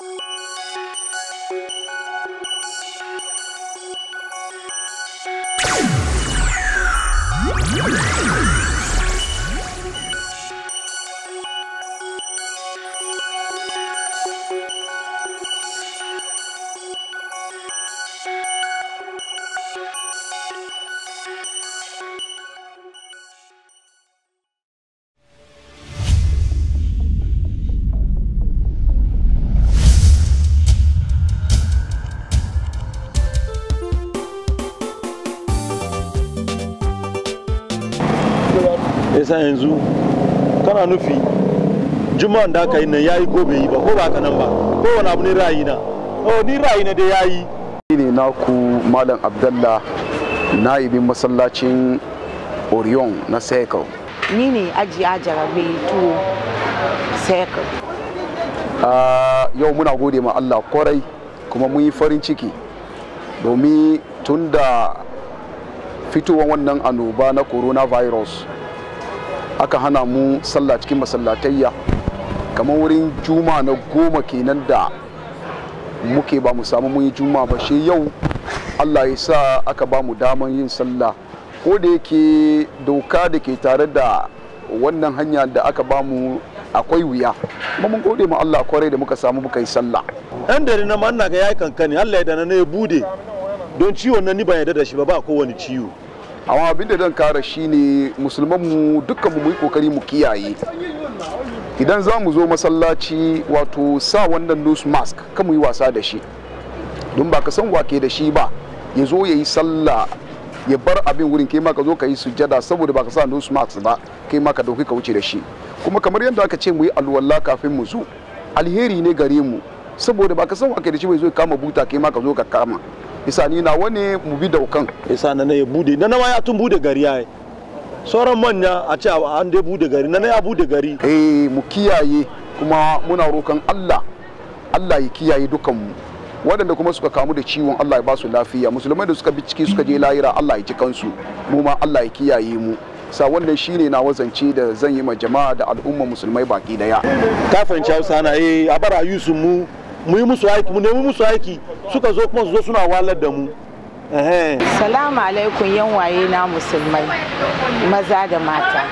you sa yanzu kana nufi juma'an da aka yi nan yayi ko bai yi ba ko ba haka nan ba ko wani abu ne ra'ayi na oh ni ra'ayi na da yayi ne naku malam abdallah naibin masallacin orion na circle ni ne aji jarabe tuwo circle ah, yau muna gode ma allah kwarai kuma mun yi farin ciki domin tun da fitowar wannan annoba na coronavirus aka hana mu sallah cikin masallatayya kamar wurin juma na goma kenan da muke ba mu samu mun yi juma ba shi yau allah ya sa aka ba mu daman yin sallah ko da yake doka da ke tare da wannan hanya da aka ba mu akwai wuya kuma mun gode ma allah kwarai da muka samu muka yi sallah yan dare na manna ga yayi kankani allah ya dana ne ya bude don ciwon nan ni ban yarda da shi ba ba kowane ciwo amma abinda zan kara ne musulman mu dukkan mu yi kokari mu kiyaye idan za mu zo masallaci wato sa wannan nose mask kan mu wasa da shi don ba ka san wake da shi ba ya zo ya yi sallah ya bar abin wurin kai ma ka zo ka yi sujada saboda ba ka sa nose mask ba kai ma ka dauki ka wuce da shi kuma kamar yadda aka ce mu yi alwala kafin mu zo alheri ne gare mu saboda ba ka san wake da shi bai zo kama buta kai ma ka zo ka kama isa ni na wani mu bi daukan isa na ya bude na nawa ya tun bude gari yayi sauran manya a ce an dai bude gari na ya bude gari eh mu kiyaye kuma muna rokan Allah Allah ya kiyaye dukan mu waɗanda kuma suka kamu da ciwon Allah ya ba su lafiya musulmai da suka bi ciki suka je lahira Allah ya ji kansu mu ma Allah ya kiyaye mu sa wannan shine na wazance da zan yi ma jama'a da al'umma musulmai baki daya kafin Hausa na eh a bara Yusuf mu mu yi musu aiki mu nemi musu aiki suka zo kuma zo suna walar da mu salamu alaikum yan waye na musulmai maza da mata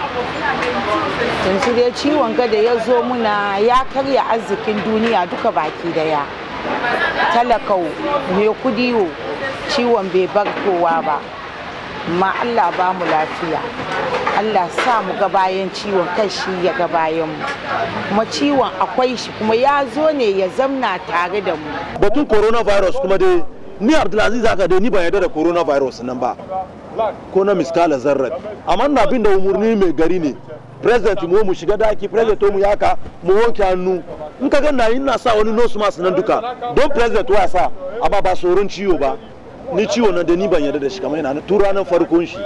yanzu dai ciwon gada ya zo muna ya karya arzikin duniya duka baki daya talakau mai kudiyo ciwon bai bar kowa ba ma Allah ba mu lafiya Allah sa mu ga bayan ciwon kai shi ya ga bayan mu kuma ciwon akwai shi kuma ya zo ne ya zamna tare da mu batun coronavirus kuma dai ni abdulaziz zaka dai ni ba yarda da coronavirus nan ba ko na miskala zarrat amma na bin da umurni mai gari ne president mu mu shiga daki president mu yaka mu wanke hannu in ka ga na yin na sa wani nose mask nan duka don president wa sa amma ba tsoron ciwo ba ni ciwon nan da ni ban yarda da shi kamar yana tura nan farkon shi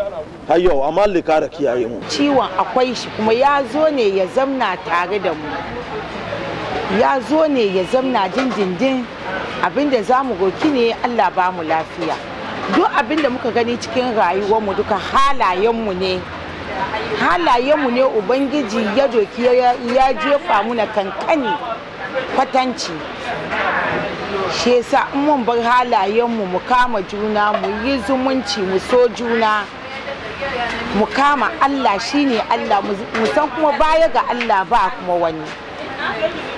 har yau amma le kara kiyaye mu ciwon akwai shi kuma ya zo ne ya zamna tare da mu ya zo ne ya zamna jinjindin abinda za mu goki ne Allah ba mu lafiya duk abinda muka gani cikin rayuwar mu duka halayen mu ne halayen mu ne ubangiji ya doki ya jefa mu na kankani kwatanci shi yasa in mun bar halayenmu mu kama juna mu yi zumunci mu so juna mu kama Allah shine Allah mu san kuma baya ga Allah ba kuma wani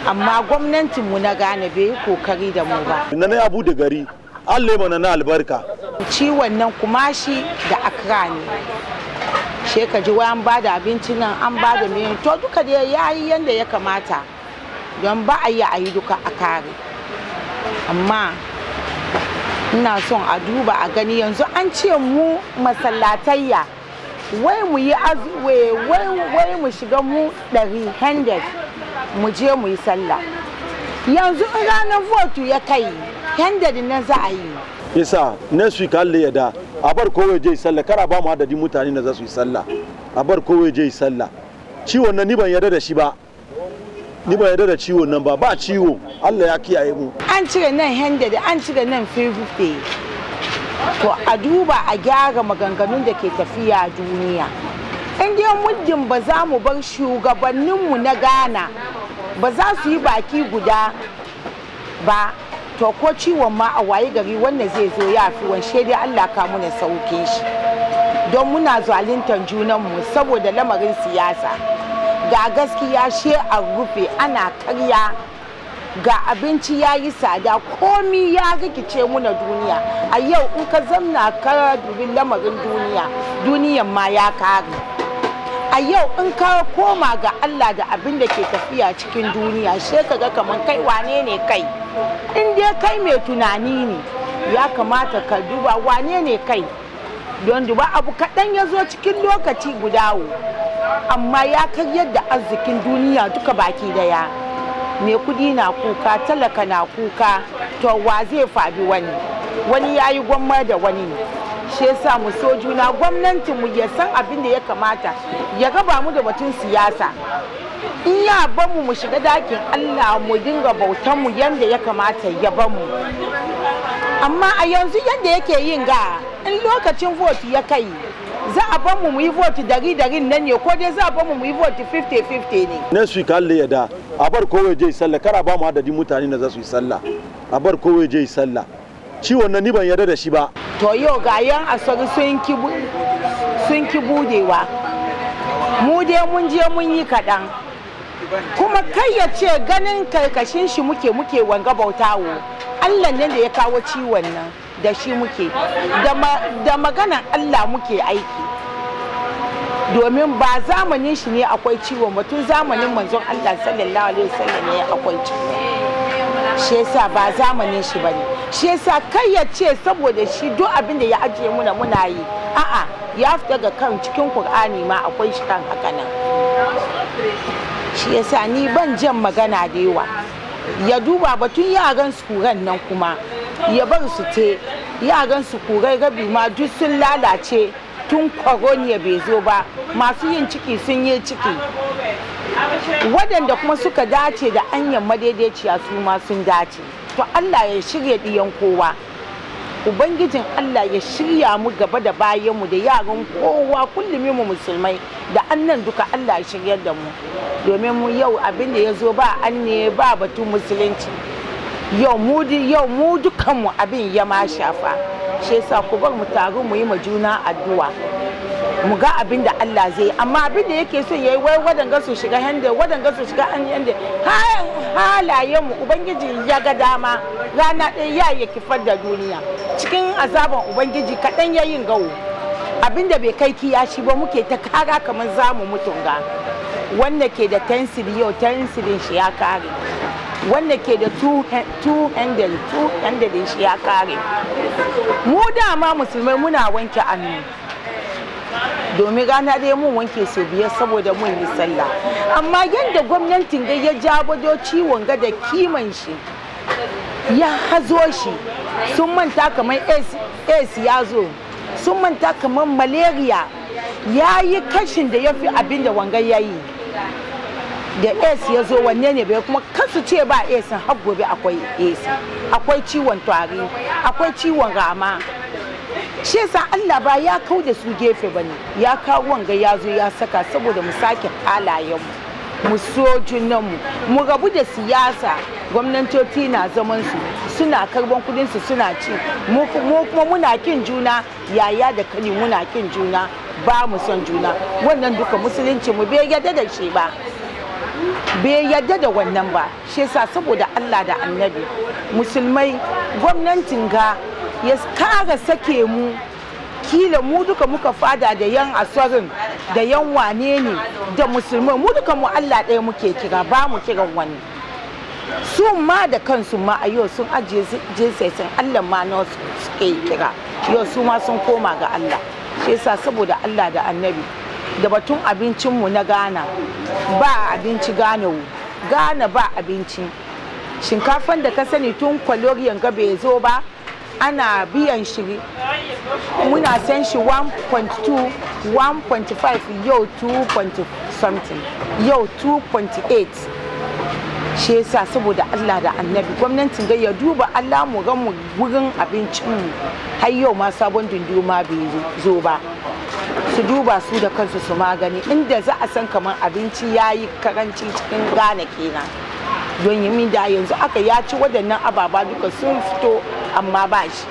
amma gwamnatin mu na gane bai yi kokari da mu ba na ne abu da gari Allah mana na albarka ciwon nan kumashi da akra ne she ka ji an ba da abinci nan an ba da to duka da yayi yanda ya kamata don ba a yi a yi duka a kare amma ina son a duba a gani yanzu an ce mu masallatayya wai mu yi wai mu shiga mu 100 mu je mu yi sallah yanzu in ranar votu ya kai handed na za a yi isa next week Allah ya da a bar kowai je sallah kara ba mu adadin mutane da za su yi sallah a bar kowai je sallah ciwon na ni ban yarda da shi ba ni ba yarda da ciwon nan ba ba ciwo Allah ya kiyaye mu an cire nan hande da an cire nan 50 to a duba a gyara maganganun da ke tafiya duniya in dai muddin ba za mu bar shugabanninmu na gana ba za su yi baki guda ba to ko ciwon ma a waye gari wannan zai zo ya fi wanshe dai Allah ka na sauke shi don muna zaluntar junanmu saboda lamarin siyasa ga gaskiya she a rufe ana karya ga abinci ya yi tsada komi ya rikice muna duniya a yau in ka zamna ka dubi lamarin duniya duniyan ma ya kare a yau in ka koma ga Allah da abin da ke tafiya cikin duniya she ka ga kaman kai wane ne kai in dai kai mai tunani ne ya kamata ka duba wane ne kai don duba abu kaɗan ya zo cikin lokaci guda amma ya karyar yadda arzikin duniya duka baki daya mai kudi na kuka talaka na kuka to wa zai faɗi wani wani ya yi gwamma da wani shi yasa mu so juna gwamnatin mu ya san abin da ya kamata ya gaba mu da batun siyasa in ya ban mu mu shiga dakin Allah mu dinga bautan mu yanda ya kamata ya ban mu amma a yanzu yanda yake yin ga in lokacin vote ya kai za a ban mu mu yi vote dari dari nan ne ko dai za a ban mu mu yi vote 50 50 ne next week ka ya da a bar kowai je sallah kar a ba mu adadin mutane da za su yi sallah a bar kowai je sallah ciwon na ni ban yarda da shi ba to yau ga yan asori sun ki sun ki budewa mu dai mun je mun yi kaɗan kuma kai ya ce ganin karkashin shi muke muke wanga bautawo allah ne da ya kawo ciwon nan da shi muke da magana allah muke aiki domin ba zamanin shi ne akwai ciwon ba tun zamanin manzon allah sallallahu alaihi wasallam ne akwai ciwon shi yasa ba zamanin shi bane shi yasa kai ya ce saboda shi duk abin da ya ajiye muna muna yi a'a ya fita ga kan cikin qur'ani ma akwai shi kan haka nan shi yasa ni ban jan magana da yawa ya duba batun yaran su kuran nan kuma ya bar su te yaran su kurai rabi ma duk sun lalace tun koroniya bai zo ba masu yin ciki sun yi ciki waɗanda kuma suka dace da anyan madaidaiciya su ma sun dace to allah ya shirya ɗiyan kowa ubangijin Allah ya shirya mu gaba da bayanmu da yaran kowa kullum mu musulmai da annan duka Allah ya shiryar da mu domin mu yau abin da ya zo ba anne ba batun musulunci yau mu yau mu dukanmu abin ya ma shafa shi yasa ku bar mu taru mu yi ma juna addu'a mu ga abin da Allah zai amma abin da yake so yayi wai wadanga su shiga hande wadanga su shiga an hande halayen mu ubangiji ya ga dama rana ɗaya ya kifar da duniya cikin azaban ubangiji kaɗan yayin gawo abin da bai kai kiyashi ba muke ta kara kamar zamu ga. wanda ke da tensir yau tensirin shi ya kare wanda ke da two-handed shi ya kare mu dama musulmai muna wanke annu domin rana ɗaya mun wanke sau biyar saboda mun yi sallah amma yadda gwamnatin ga ya jabado ciwon ga da kiman shi ya hazo shi sun manta kamar aids ya zo sun manta kamar malaria ya yi kashin da ya fi abin da wangan ya yi da aids ya zo wanne ne bai kuma kansu ce ba aids har gobe akwai aids akwai ciwon tari akwai ciwon rama shi yasa Allah ba ya kau da su gefe ba ne ya kawo wanga ya zo ya saka saboda mu sake halayenmu mu so mu rabu da siyasa gwamnatoci na zaman su suna karban kudinsu suna ci mu kuma muna kin juna yaya da kani muna kin juna ba mu son juna wannan duka musulunci mu bai yadda da shi ba bai yadda da wannan ba shi yasa saboda Allah da annabi musulmai gwamnatin ga ya kara sake mu kila mu duka muka fada da yan asarin da yan wane ne da musulman mu duka mu Allah ɗaya muke kira ba mu kiran wani su ma da kansu ma a yau sun ajiye jinsaitin Allah ma na suke kira yau su ma sun koma ga Allah shi yasa saboda Allah da annabi da batun abincinmu na gana ba abinci Ghana Ghana ba abinci shinkafan da ka sani tun kwaloriyan ga bai zo ba ana biyan shi muna san shi 1.2 1.5 yau 2. something yau 2.8 shi yasa saboda Allah da annabi gwamnatin ga ya duba Allah mu ga mu gurin mu har yau ma sabon ma bai zo ba su duba su da kansu su magani inda za a san kamar abinci ya yi karanci cikin gane kenan don yi da yanzu aka ya ci waɗannan ababa duka sun fito amma ba shi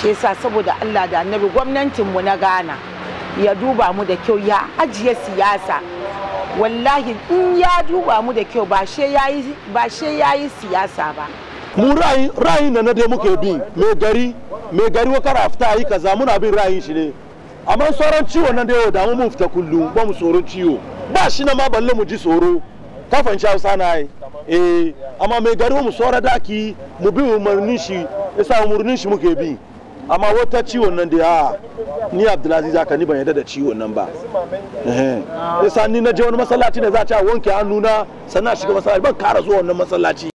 shi yasa saboda Allah da annabi gwamnatinmu na Ghana ya duba mu da kyau ya ajiye siyasa wallahi in ya duba mu da kyau ba she ya yi siyasa ba mu ra'ayin ra'ayin da na dai muke bi mai gari mai gari wa kara fita yi kaza muna bin ra'ayin shi ne amma sauran ciwo nan da yau da mu mun fita kullum ba mu tsoron ciwo ba shi na ma balle mu ji tsoro kafin hausa na yi eh amma mai gari mu saura daki mu bi umarnin shi yasa umurnin shi muke bi amma wata ciwon nan da ya ni abdulaziz aka ni ban yarda da ciwon nan ba yasa ni na je wani masallaci ne za a ci a wanke hannuna sannan shiga masallaci ban kara zuwa wannan masallaci